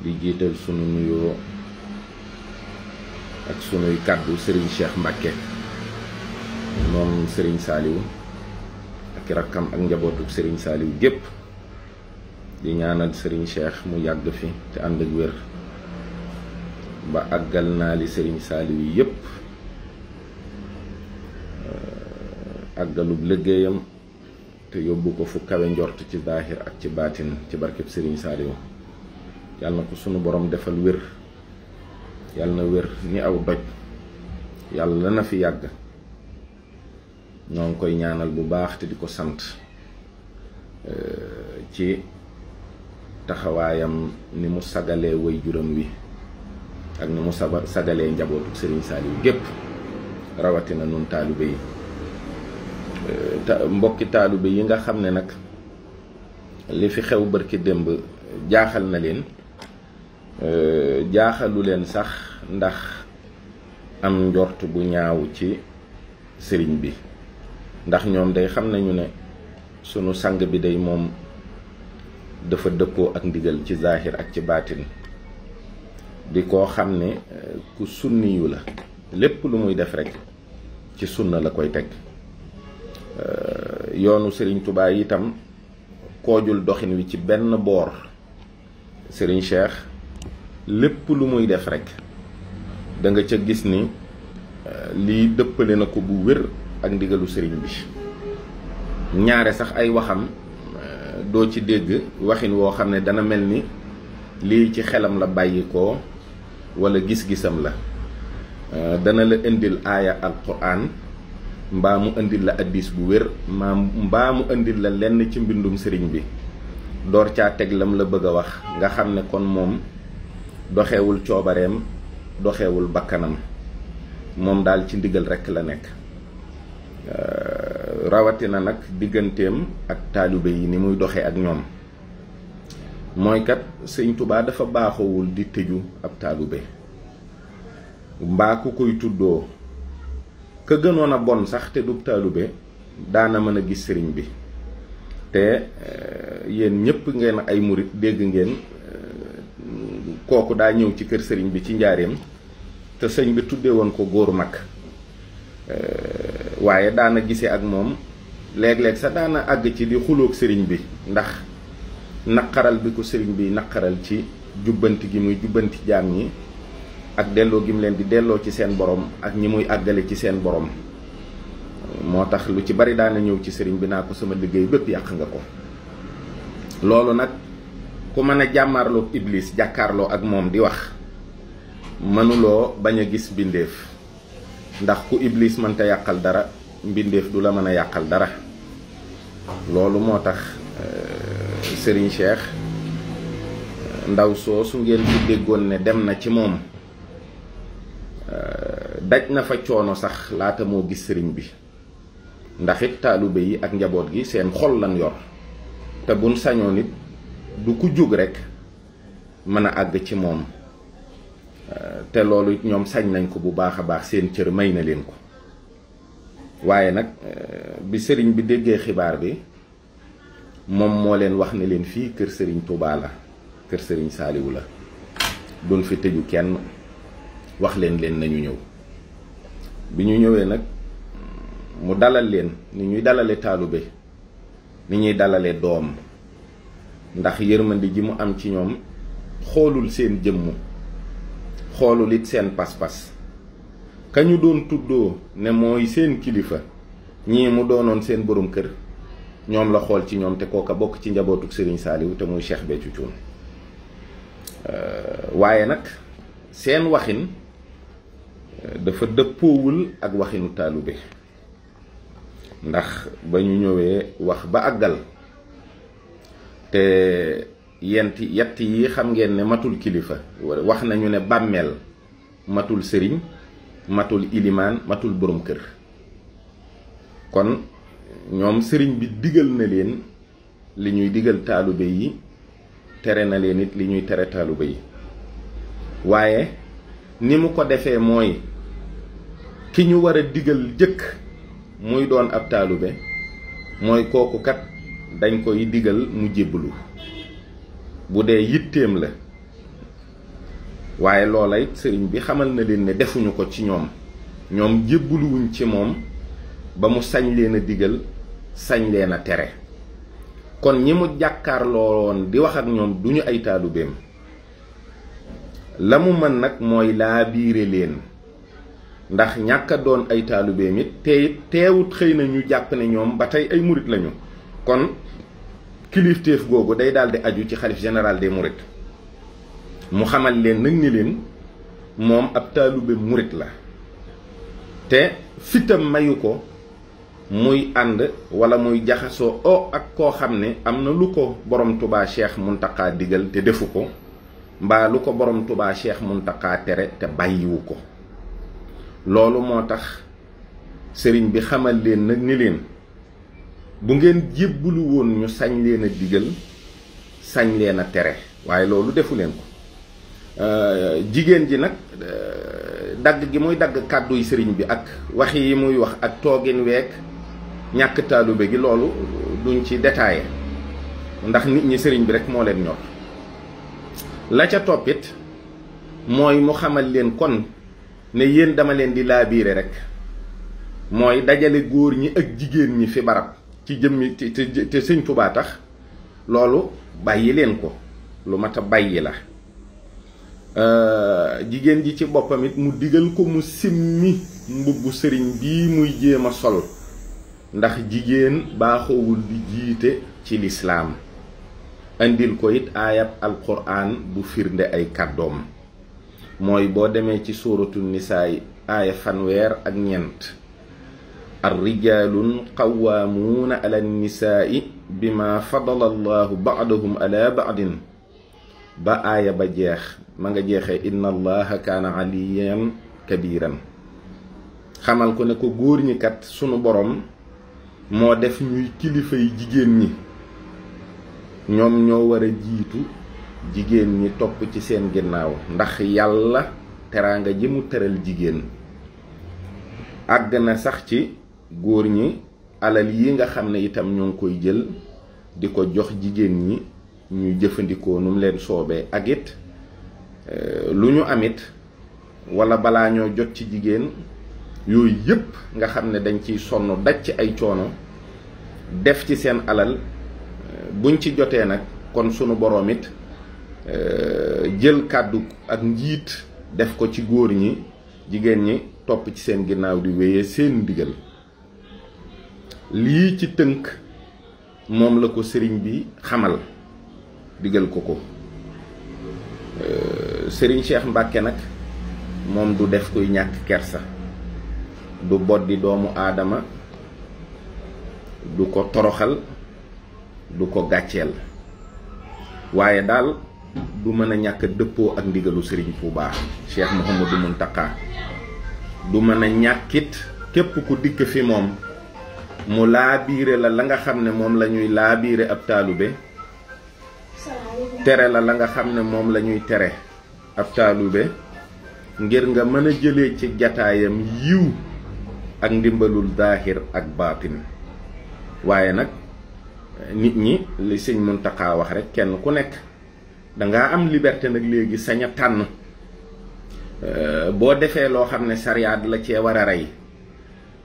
di jiital sunu nuyoo ak sunuy kàddu Serigne Cheikh Mbacke moom sëriñ Saliou ak rakkam ak njabootu sëriñ Saliou gépp di ñaanal sëriñ Cheikh mu yàgg fi te ànd ak wér ba àggal naa li Serigne Saliou yépp euh, àggalub liggéeyam te yóbbu ko fu kawe njort ci zaahir ak ci baatin ci barkeb Serigne Saliou yàlla na ko sunu borom defal wér yàlla na wér ni aw doj yàlla na fi yàgg ñoo ngi koy ñaanal bu baax te di ko sant eh, ci taxawaayam ni mu sagale way juram wi ak ni mu saba sagalee njabootu Serigne Saliou gépp rawatina nun taalibe yi eh, mbokki taalibe yi nga xam ne nag li fi xew bërki démb jaaxal na leen Euh, jaaxalu leen sax ndax am njort bu ñaaw ci sëriñ bi ndax ñoom day xam nañu ne sunu sang bi day moom dafa dëppoo ak ndigal ci zaahir ak ci baatin di koo xam ne euh, ku sunniyu la lépp lu muy def rekk ci sunna la koy teg euh, yoonu sëriñ Tuubaa itam koojul doxin wi ci benn boor sëriñ Cheikh lépp lu muy def rekk danga ca gis ni euh, lii dëppale na ko bu wér ak ndigalu sëriñ bi ñaare sax ay waxam euh, doo ci dégg waxin woo xam ne dana mel ni lii ci xelam la bàyyikoo walla gis-gisam la euh, dana la indil aaya alquran mbaa mu indil la addis bu wér maa mbaa mu indil la lenn ci mbindum sëriñ bi door caa teg lam la bëgg a wax nga xam ne kon moom doxewul coobareem doxewul bakkanam moom daal ci ndigal rekk la nekk euh, rawatina nag digganteem ak taalibe yi ni muy doxee ak ñoom mooy kat sëñ tubaa dafa baaxowul di tëju ab taalibe mbaa ku koy tuddoo ka gënoon a bon sax te du taalibe daana mën a gis sëriñ bi te euh, yéen ñépp ngeen ay murit dégg ngeen kooku daa ñëw ci kër sëriñ bi ci njaareem te sëñ bi tuddee woon ko góor mag eh, waaye daana gisee ak moom léeg-léeg sax daana àgg ci di xuloog sëriñ bi ndax naqaral bi ko sëriñ bi naqaral ci jubbanti gi muy jubbanti jaam yi ak delloo gi mu leen di delloo ci seen borom ak ñi muy àggale ci seen boroom moo tax lu ci bari daana ñëw ci sëriñ bi naa ko sama liggéey bépp yàq nga ko loolu nag ku mën a jàmmaarloog iblis jàkkaarloo ak moom di wax mënuloo bañ a gis mbindéef ndax ku iblis mënta yàqal dara mbindéef du la mën a yàqal dara loolu moo tax euh, Serigne Cheikh ndaw soosu ngeen ci déggoon ne dem na ci moom euh, daj na fa coono sax laata moo gis sëriñ bi ndax it taalibe yi ak njaboot gi seen xol lan yor te buñ sañoon it du ku jóg rekk mën a àgg ci moom euh, te loolu ñoom sañ nañ ko bu baax a baax seen cër may na leen ko waaye nag euh, bi sëriñ bi déggee xibaar bi moom moo leen wax ne leen fii kër sëriñ Touba la kër sëriñ Saaliwu la doon fi tëju kenn wax leen leen nañu ñëw bi ñu ñëwee nag mu dalal leen ni ñuy dalale taalube ni ñuy dalale doom ndax yërmande ji mu am ci ñoom xoolul seen jëmm xoolul it seen pas-pas ka ñu doon tuddoo ne mooy seen kilifa ñii mu doonoon seen boroom kër ñoom la xool ci ñoom te kooka bokk ci njabootuk Serigne Saliou te muy Cheikh Béthio Thioune euh, waaye nag seen waxin euh, dafa dëppoowul ak waxinu taalibe ndax ba ñu ñëwee wax ba àggal te yenti yett yi xam ngeen ne matul kilifa wax nañu ne bàmmeel matul sëriñ matul ilimaan matul borom kër kon ñoom sëriñ bi digal na leen li ñuy digal taalibe yi tere na leen it li ñuy tere taalibe yi waaye ni mu ko defee mooy ki ñu war a digal jëkk muy doon ab taalibe mooy kooku kat dañ koy diggal mu jébbalu bu dee yitteem la waaye loola it sëriñ bi xamal na leen ne defuñu ko ci ñoom ñoom jébbaluwuñ ci moom ba mu sañ leen a digal sañ leen tere kon ñi mu jàkkaarlooloon di wax ak ñoom duñu ay taalubeem la mu mën nag mooy laa biire leen ndax ñàkk a doon ay taalubeem it te teewut xëy nañu jàpp ne ñoom ba tey ay murit lañu kon kilifteef googu day daal di aju ci xalif général des mourides mu xamal leen nag ni leen moom ab taalube murit la te fitam mayu ko muy ànd wala muy jaxasoo o ak koo xam ni am na lu ko boroom tubaa cheikh muntaqaa digal te defu ko mbaa lu ko boroom tubaa cheikh muntaqaa tere te bàyyiwu ko loolu moo tax sëriñ bi xamal leen nag ni leen bu ngeen jébbalu woon ñu sañ leen a digal sañ leen a tere waaye loolu defu leen ko euh, jigéen ji nag euh, dagg gi muy dagg kàdduy sëriñ bi ak wax yi muy wax ak toogin week ñàkk taalube gi loolu duñ ci détaillé ndax nit ñi sëriñ bi rek moo leen ñor la ca toppit mooy mu xamal leen kon ne yéen dama leen di laabiire rek mooy dajale góor ñi ak jigéen ñi fi barab ci jëmmi te te sëñ tax loolu bàyyi leen ko lu mat bàyyi la euh, jigéen ji ci boppam it mu digal ko mu simmi mbubbu sëriñ bii muy jéem a sol ndax jigéen baaxoowul di jiite ci lislaam indil ko it aayab alquran bu firnde ay kàddoom mooy boo demee ci suuratu nisaay aaya fanweer ak ñeent الرجال قوامون على النساء بما فضل الله بعضهم على بعض ba aaya ba jeex ma nga jeexee inna allaha kaana aliyan kabiran xamal ko ne ko góor ñi kat sunu borom moo def ñuy kilifa jigéen ñi ñoom ñoo wara jiitu jigéen ñi topp ci seen ginnaaw ndax yàlla teraanga ji mu teral jigéen àgg na sax ci góor ñi alal yi nga xam ne itam ñoo ngi koy jël di ko jox jigéen ñi ñuy jëfandikoo num leen soobee ak it euh, lu ñu amit wala balaa ñoo jot ci jigéen yooyu yëpp nga xam ne dañ ciy sonn daj ci ay coono def ci seen alal euh, buñ ci jotee nag kon sunu boroom it euh, jël kàddu ak njiit def ko ci góor ñi jigéen ñi topp ci seen ginnaaw di wéyee seen ndigal lii ci tënk moom la ko sëriñ bi xamal digal ko ko euh, sëriñ Cheikh Mbàkke nag moom du def kuy ñàkk kersa du boddi doomu aadama du ko toroxal du ko gàcceel waaye daal du mën a ñàkk dëppoo ak ndigalu sëriñ Touba Cheikh Mouhamadou Mountakha du mën a ñàkkit képp ku dikk fi moom mu laabiire la la nga xam ne moom la ñuy laabiire ab taalube tere la la nga xam ne moom la ñuy tere ab taalube ngir nga mën a jëlee ci jataayam yiw ak ndimbalul zaahir ak baatin waaye nag nit ñi li sëñ Muntaxa wax rek kenn ku nekk dangaa am liberté nag léegi sañ a tànn boo defee loo xam ne sariyaat la cee war a rey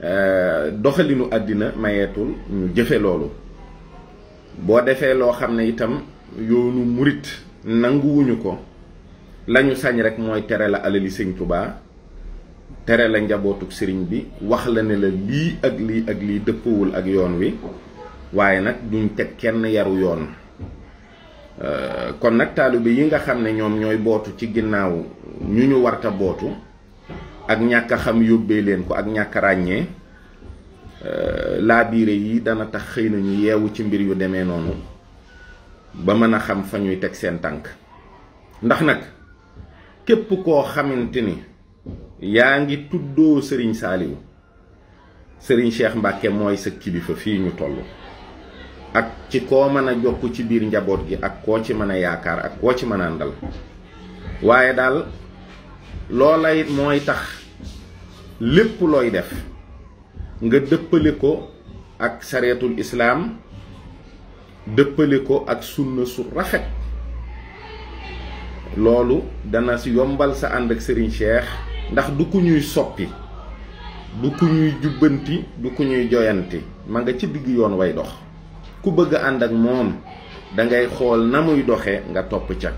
Euh, doxalinu àddina mayeetul ñu jëfe loolu boo defee loo xam ne itam yoonu murit nanguwuñu ko lañu sañ rek mooy tere la alali sëñ Tuubaa tere la njabootuk sëriñ bi wax la ne la lii ak lii ak lii dëppawul ak yoon wi waaye nag duñ teg kenn yaru yoon euh, kon nag taalibe yi nga xam ne ñoom ñooy bootu ci ginnaaw ñu ñu warta bootu ak ñàkk a xam yóbbee leen ko ak ñàkk a ràññee euh, laabiire yi dana tax xëy na ñu yeewu ci mbir yu demee noonu ba mën a xam fa ñuy teg seen tànk ndax nag képp koo xamante ni yaa ngi tuddoo sëriñ saaliwu sëriñ Cheikh Mbàkke mooy sa kilifa fii ñu toll ak ci koo mën a jokk ci biir njaboot gi ak koo ci mën a yaakaar ak koo ci mën a àndal waaye daal loola it mooy tax lépp looy def nga dëppale ko ak sareetul islaam dëppale ko ak sunna su rafet loolu dana si yombal sa ànd ak Serigne Cheikh ndax du ku ñuy soppi du ku ñuy jubbanti du ku ñuy joyanti ma nga ci digg yoon way dox ku bëgg a ànd ak moom dangay xool na muy doxe nga topp ca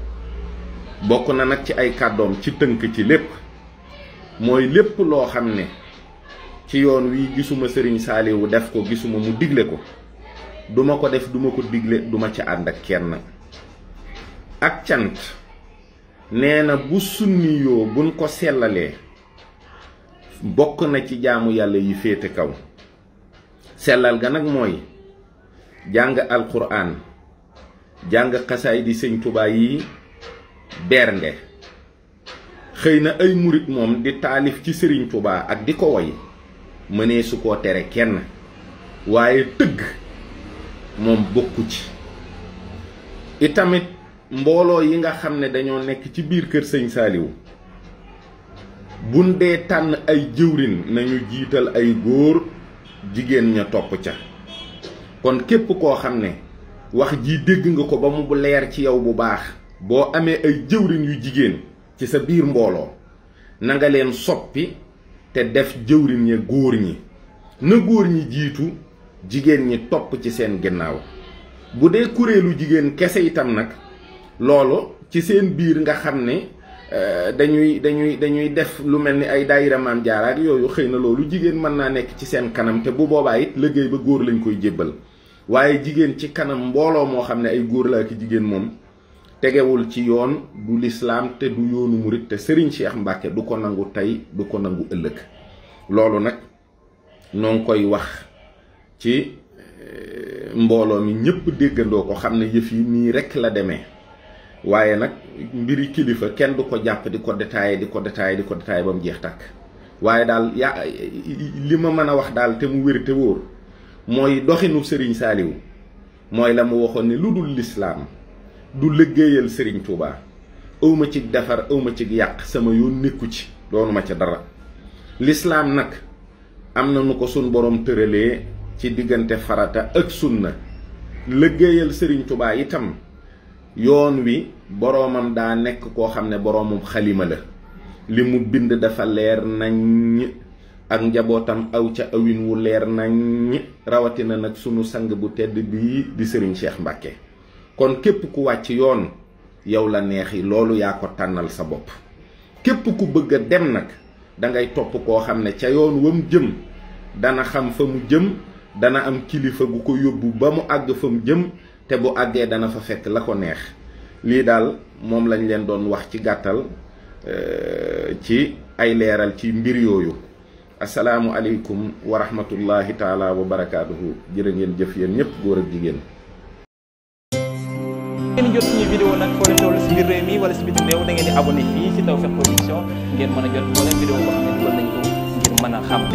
bokk na nag ci ay kàddoom ci tënk ci lépp mooy lépp loo xam ne ci yoon wi gisuma sëriñ wu def ko gisuma mu digle ko duma ko def duma ko digle duma ci ànd ak kenn ak cant nee na bu sunni yoo buñ ko sellalee bokk na ci jaamu yàlla yi féete kaw sellal ga nag mooy jàng alquran jàng xasaay di sëñ tubaa yi bernde xëy na ay murit moom di taalif ci sëriñ Touba ak di ko woy mënee koo tere kenn waaye tëgg moom bokku ci itamit mbooloo yi nga xam ne dañoo nekk ci biir kër sëñ saaliw bun dee tànn ay jëwrin nañu jiital ay góor jigéen ña topp ca kon képp koo xam ne wax ji dégg nga ko ba mu leer ci yow bu baax boo amee ay jëwrin yu jigéen ci sa biir mbooloo nanga leen soppi te def jëwriñ yi góor ñi na góor ñi jiitu jigéen ñi topp ci seen ginnaaw bu dee kuréelu jigéen kese itam nag loolu ci seen biir nga xam ne euh, dañuy dañuy dañuy def lu mel ni ay daayira maam jaaraak yooyu xëy na loolu jigéen mën naa nekk ci seen kanam te bu boobaay it liggéey ba góor lañ koy jébbal waaye jigéen ci kanam mbooloo moo xam ne ay góor laa ak jigéen moom tegewul ci yoon du lislaam te du yoonu murit te Serigne Cheikh Mbacke du ko nangu tey du ko nangu ëllëg loolu nag noo ngi koy wax ci eh, mbooloo mi ñëpp déggandoo ko xam ne yëf yi nii rek la demee waaye nag mbiri kilifa kenn du ko jàpp di ko détaillé di ko détaillé di ko détaillé ba mu jeex tàkk waaye daal yaa li ma mën a wax daal te mu wér te wóor mooy doxinu sëriñ Saliou mooy la mu waxoon ne lu dul lislaam du liggéeyal sëriñ Touba awma ci defar awma ci yàq sama yoon nekku ci doonuma ca dara lislaam nag am na nu ko sunu borom tëralee ci diggante farata ak sunna liggéeyal sëriñ Touba itam yoon wi boroomam daa nekk koo xam ne boroomum xalima la li mu bind dafa leer naññ ak njabootam aw ca awin wu leer naññ rawatina nag sunu sang bu tedd bii di sëriñ Cheikh Mbacke. kon képp ku wàcc yoon yow la neex yi loolu yaa ko tànnal sa bopp képp ku bëgg a dem nag dangay topp koo xam ne ca yoon wam jëm dana xam fa mu jëm dana am kilifa gu ko yóbbu ba mu àgg fa mu jëm te bu àggee dana fa fekk la ko neex lii daal moom lañ leen doon wax ci gàttal euh, ci ay leeral ci mbir yooyu asalaamualeykum wa rahmatullahi taala wa barakaatuhu jërë ngeen jëf yéen ñëpp góor ak jigéen ngeen jot suñu vidéo nag foo leen toll si biir réew mi wala si biti réew da ngeen ngeen mën a jot moo leen vidéo boo xam ne a xam